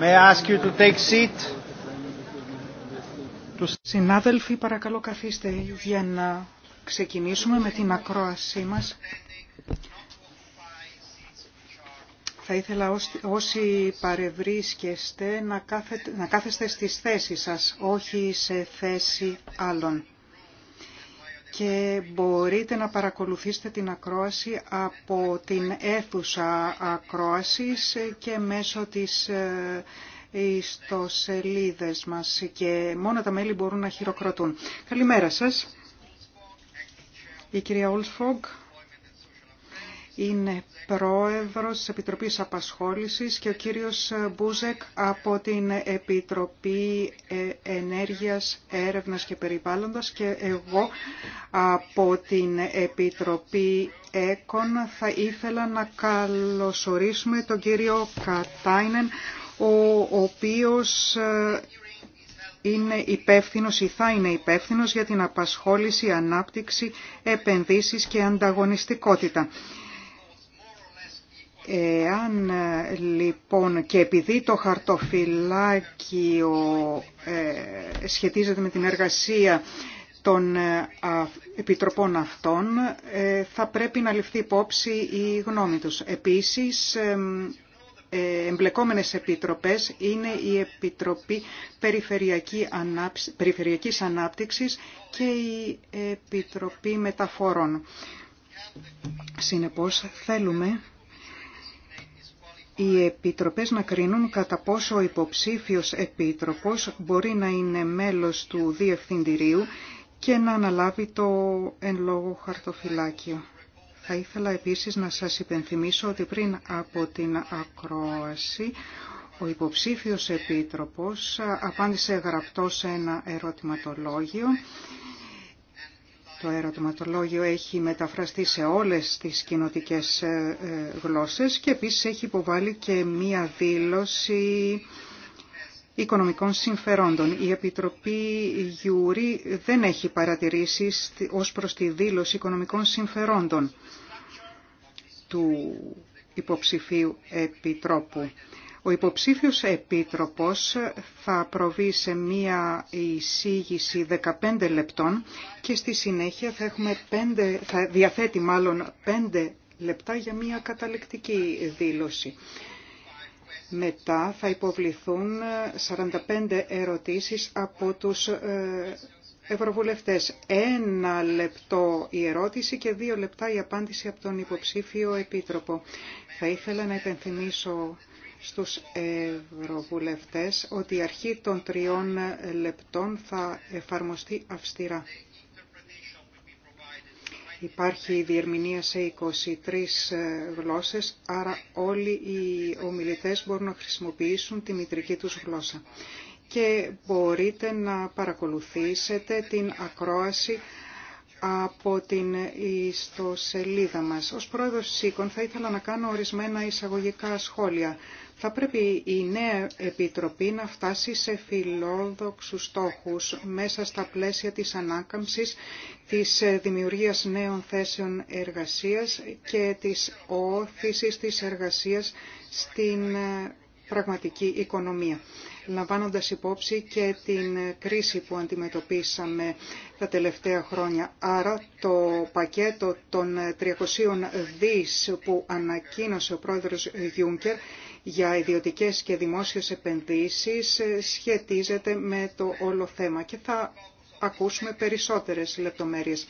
may ask you to take seat. Συνάδελφοι, παρακαλώ καθίστε για να ξεκινήσουμε με την ακρόασή μας. Θα ήθελα όσοι παρευρίσκεστε να, να κάθεστε στις θέσεις σας, όχι σε θέση άλλων και μπορείτε να παρακολουθήσετε την ακρόαση από την αίθουσα ακρόασης και μέσω της ε, ιστοσελίδες μας και μόνο τα μέλη μπορούν να χειροκροτούν. Καλημέρα σας. Η κυρία Ολσφογκ είναι πρόεδρος της Επιτροπής Απασχόλησης και ο κύριος Μπούζεκ από την Επιτροπή ε, Ενέργειας, Έρευνας και Περιβάλλοντας και εγώ από την Επιτροπή ΕΚΟΝ θα ήθελα να καλωσορίσουμε τον κύριο Κατάινεν ο οποίος ε, είναι υπεύθυνος ή θα είναι υπεύθυνος για την απασχόληση, ανάπτυξη, επενδύσεις και ανταγωνιστικότητα. Εάν λοιπόν και επειδή το χαρτοφυλάκιο ε, σχετίζεται με την εργασία των ε, επιτροπών αυτών, ε, θα πρέπει να ληφθεί υπόψη η γνώμη τους. Επίσης, ε, εμπλεκόμενες επιτροπές είναι η Επιτροπή Περιφερειακής Ανάπτυξης και η Επιτροπή Μεταφορών. Συνεπώς, θέλουμε οι επιτροπές να κρίνουν κατά πόσο ο υποψήφιος επίτροπος μπορεί να είναι μέλος του διευθυντηρίου και να αναλάβει το εν λόγω χαρτοφυλάκιο. Θα ήθελα επίσης να σας υπενθυμίσω ότι πριν από την ακρόαση ο υποψήφιος επίτροπος απάντησε γραπτό σε ένα ερωτηματολόγιο το ερωτηματολόγιο έχει μεταφραστεί σε όλες τις κοινοτικές ε, ε, γλώσσες και επίσης έχει υποβάλει και μία δήλωση οικονομικών συμφερόντων. Η Επιτροπή Γιούρη δεν έχει παρατηρήσει ως προς τη δήλωση οικονομικών συμφερόντων του υποψηφίου επιτρόπου. Ο υποψήφιος επίτροπος θα προβεί σε μία εισήγηση 15 λεπτών και στη συνέχεια θα, έχουμε 5, θα διαθέτει μάλλον 5 λεπτά για μία καταλεκτική δήλωση. Μετά θα υποβληθούν 45 ερωτήσεις από τους ε, Ευρωβουλευτές. Ένα λεπτό η ερώτηση και δύο λεπτά η απάντηση από τον υποψήφιο επίτροπο. Θα ήθελα να υπενθυμίσω στους ευρωβουλευτές ότι η αρχή των τριών λεπτών θα εφαρμοστεί αυστηρά. Υπάρχει διερμηνία σε 23 γλώσσες, άρα όλοι οι ομιλητές μπορούν να χρησιμοποιήσουν τη μητρική τους γλώσσα. Και μπορείτε να παρακολουθήσετε την ακρόαση από την ιστοσελίδα μας. Ως πρόεδρος ΣΥΚΟΝ θα ήθελα να κάνω ορισμένα εισαγωγικά σχόλια θα πρέπει η νέα Επιτροπή να φτάσει σε φιλόδοξους στόχους μέσα στα πλαίσια της ανάκαμψης, της δημιουργίας νέων θέσεων εργασίας και της όθησης της εργασίας στην πραγματική οικονομία. Λαμβάνοντας υπόψη και την κρίση που αντιμετωπίσαμε τα τελευταία χρόνια. Άρα το πακέτο των 300 δις που ανακοίνωσε ο πρόεδρος Γιούγκερ για ιδιωτικές και δημόσιες επενδύσεις ε, σχετίζεται με το όλο θέμα και θα ακούσουμε περισσότερες λεπτομέρειες.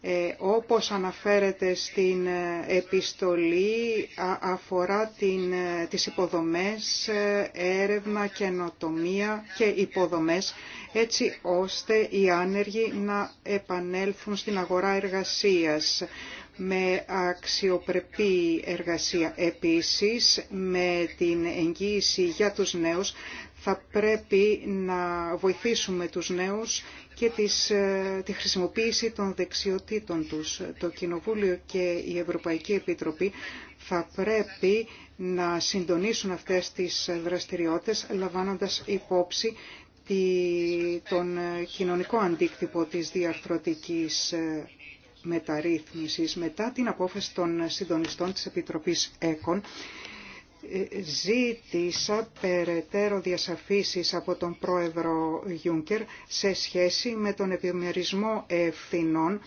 Ε, όπως αναφέρεται στην ε, επιστολή, αφορά την, ε, τις υποδομές, έρευνα, καινοτομία και υποδομές, έτσι ώστε οι άνεργοι να επανέλθουν στην αγορά εργασίας με αξιοπρεπή εργασία. Επίσης, με την εγγύηση για τους νέους θα πρέπει να βοηθήσουμε τους νέους και ε, τη χρησιμοποίηση των δεξιοτήτων τους. Το Κοινοβούλιο και η Ευρωπαϊκή Επιτροπή θα πρέπει να συντονίσουν αυτές τις δραστηριότητες λαμβάνοντας υπόψη τη, τον κοινωνικό αντίκτυπο της διαρθρωτικής ε, μεταρρύθμισης μετά την απόφαση των συντονιστών της Επιτροπής ΕΚΟΝ ε, ζήτησα περαιτέρω διασαφήσεις από τον πρόεδρο Γιούγκερ σε σχέση με τον επιμερισμό ευθυνών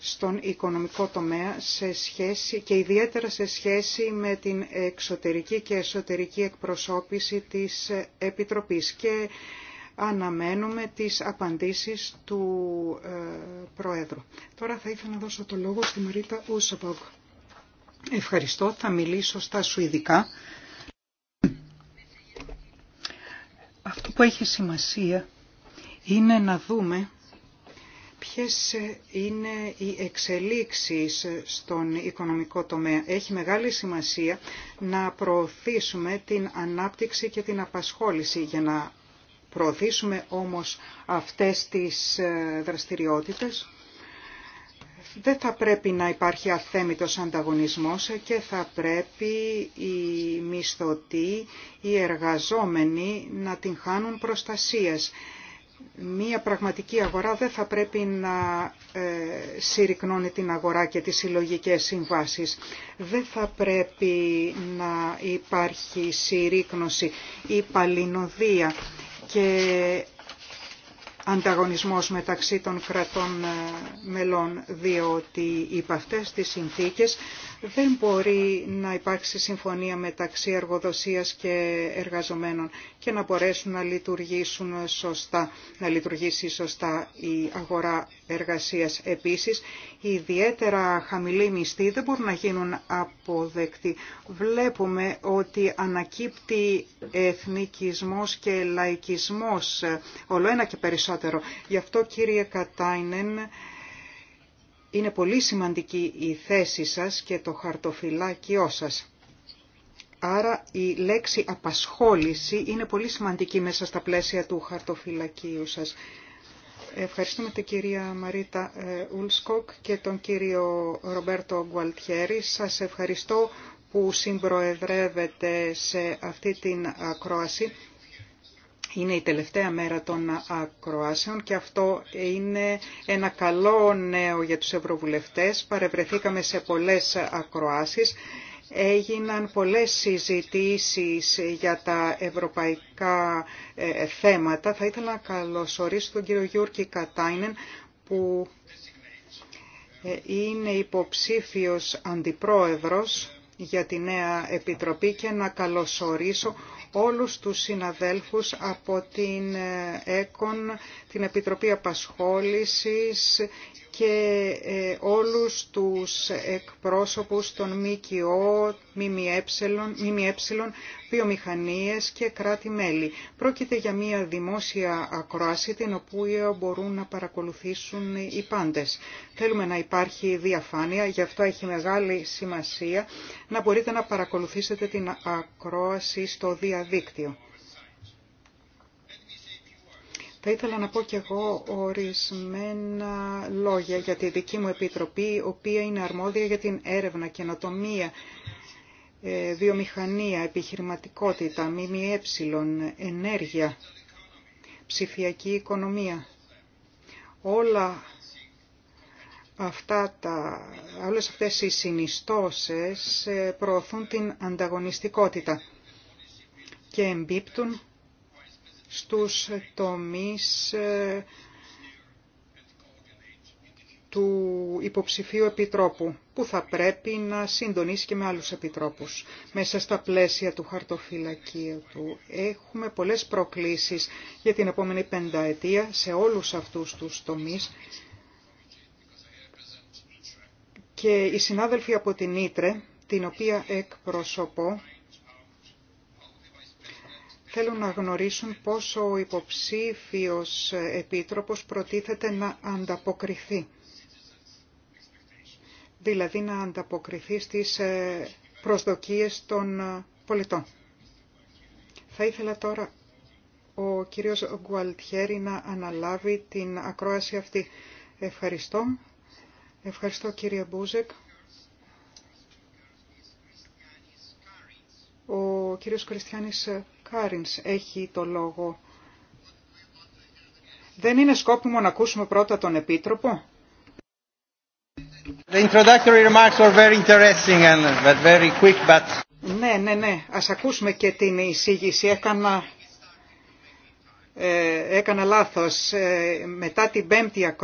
στον οικονομικό τομέα σε σχέση, και ιδιαίτερα σε σχέση με την εξωτερική και εσωτερική εκπροσώπηση της Επιτροπής και αναμένουμε τις απαντήσεις του ε, Προέδρου. Τώρα θα ήθελα να δώσω το λόγο στη Μαρίτα Ούσεμπογκ. Ευχαριστώ, θα μιλήσω στα Σουηδικά. Αυτό που έχει σημασία είναι να δούμε ποιες είναι οι εξελίξεις στον οικονομικό τομέα. Έχει μεγάλη σημασία να προωθήσουμε την ανάπτυξη και την απασχόληση για να προωθήσουμε όμως αυτές τις ε, δραστηριότητες, δεν θα πρέπει να υπάρχει αθέμητος ανταγωνισμός και θα πρέπει οι μισθωτοί, οι εργαζόμενοι να την χάνουν προστασίας. Μία πραγματική αγορά δεν θα πρέπει να ε, συρρυκνώνει την αγορά και τις συλλογικέ συμβάσεις. Δεν θα πρέπει να υπάρχει συρρύκνωση ή παλινοδία και ανταγωνισμός μεταξύ των κρατών ε, μελών, διότι υπ' αυτές τις συνθήκες δεν μπορεί να υπάρξει συμφωνία μεταξύ εργοδοσίας και εργαζομένων και να μπορέσουν να λειτουργήσουν σωστά, να λειτουργήσει σωστά η αγορά εργασίας. Επίσης, οι ιδιαίτερα χαμηλοί μισθοί δεν μπορούν να γίνουν αποδεκτοί. Βλέπουμε ότι ανακύπτει εθνικισμός και λαϊκισμός, όλο ένα και περισσότερο. Γι' αυτό κύριε Κατάινεν, είναι πολύ σημαντική η θέση σας και το χαρτοφυλάκιό σας. Άρα η λέξη απασχόληση είναι πολύ σημαντική μέσα στα πλαίσια του χαρτοφυλακίου σας. Ευχαριστούμε την κυρία Μαρίτα ε, Ουλσκοκ και τον κύριο Ρομπέρτο Γκουαλτιέρη. Σας ευχαριστώ που συμπροεδρεύετε σε αυτή την ακρόαση είναι η τελευταία μέρα των ακροάσεων και αυτό είναι ένα καλό νέο για τους ευρωβουλευτές. Παρευρεθήκαμε σε πολλές ακροάσεις. Έγιναν πολλές συζητήσεις για τα ευρωπαϊκά ε, θέματα. Θα ήθελα να καλωσορίσω τον κύριο Γιούρκη Κατάινεν που ε, είναι υποψήφιος αντιπρόεδρος για τη νέα Επιτροπή και να καλωσορίσω όλους τους συναδέλφους από την ε, ΕΚΟΝ, την Επιτροπή Απασχόλησης και ε, όλους τους εκπρόσωπους των ΜΚΟ, ΜΜΕ, ΜΜΕ βιομηχανίες και κράτη-μέλη. Πρόκειται για μια δημόσια ακρόαση την οποία μπορούν να παρακολουθήσουν οι πάντες. Θέλουμε να υπάρχει διαφάνεια, γι' αυτό έχει μεγάλη σημασία να μπορείτε να παρακολουθήσετε την ακρόαση στο διαδίκτυο. Θα ήθελα να πω και εγώ ορισμένα λόγια για τη δική μου επιτροπή, η οποία είναι αρμόδια για την έρευνα, καινοτομία, ε, βιομηχανία, επιχειρηματικότητα, ΜΜΕ, ενέργεια, ψηφιακή οικονομία. Όλα αυτά τα, όλες αυτές οι συνιστώσεις ε, προωθούν την ανταγωνιστικότητα και εμπίπτουν στους τομείς ε, του υποψηφίου επιτρόπου, που θα πρέπει να συντονίσει και με άλλους επιτρόπους. Μέσα στα πλαίσια του χαρτοφυλακίου του έχουμε πολλές προκλήσεις για την επόμενη πενταετία σε όλους αυτούς τους τομείς και οι συνάδελφοι από την Ήτρε, την οποία εκπροσωπώ, θέλουν να γνωρίσουν πόσο ο υποψήφιος επίτροπος προτίθεται να ανταποκριθεί. Δηλαδή να ανταποκριθεί στις ε, προσδοκίες των ε, πολιτών. Θα ήθελα τώρα ο κύριος Γκουαλτιέρη να αναλάβει την ακρόαση αυτή. Ευχαριστώ. Ευχαριστώ κύριε Μπούζεκ. Ο κύριος Κριστιανής Χάρινς έχει το λόγο. Δεν είναι σκόπιμο να ακούσουμε πρώτα τον Επίτροπο. The introductory remarks were very interesting and but very quick but... Ναι, ναι, ναι. Ας ακούσουμε και την εισήγηση. Έκανα, ε, έκανα λάθος. Ε, μετά την πέμπτη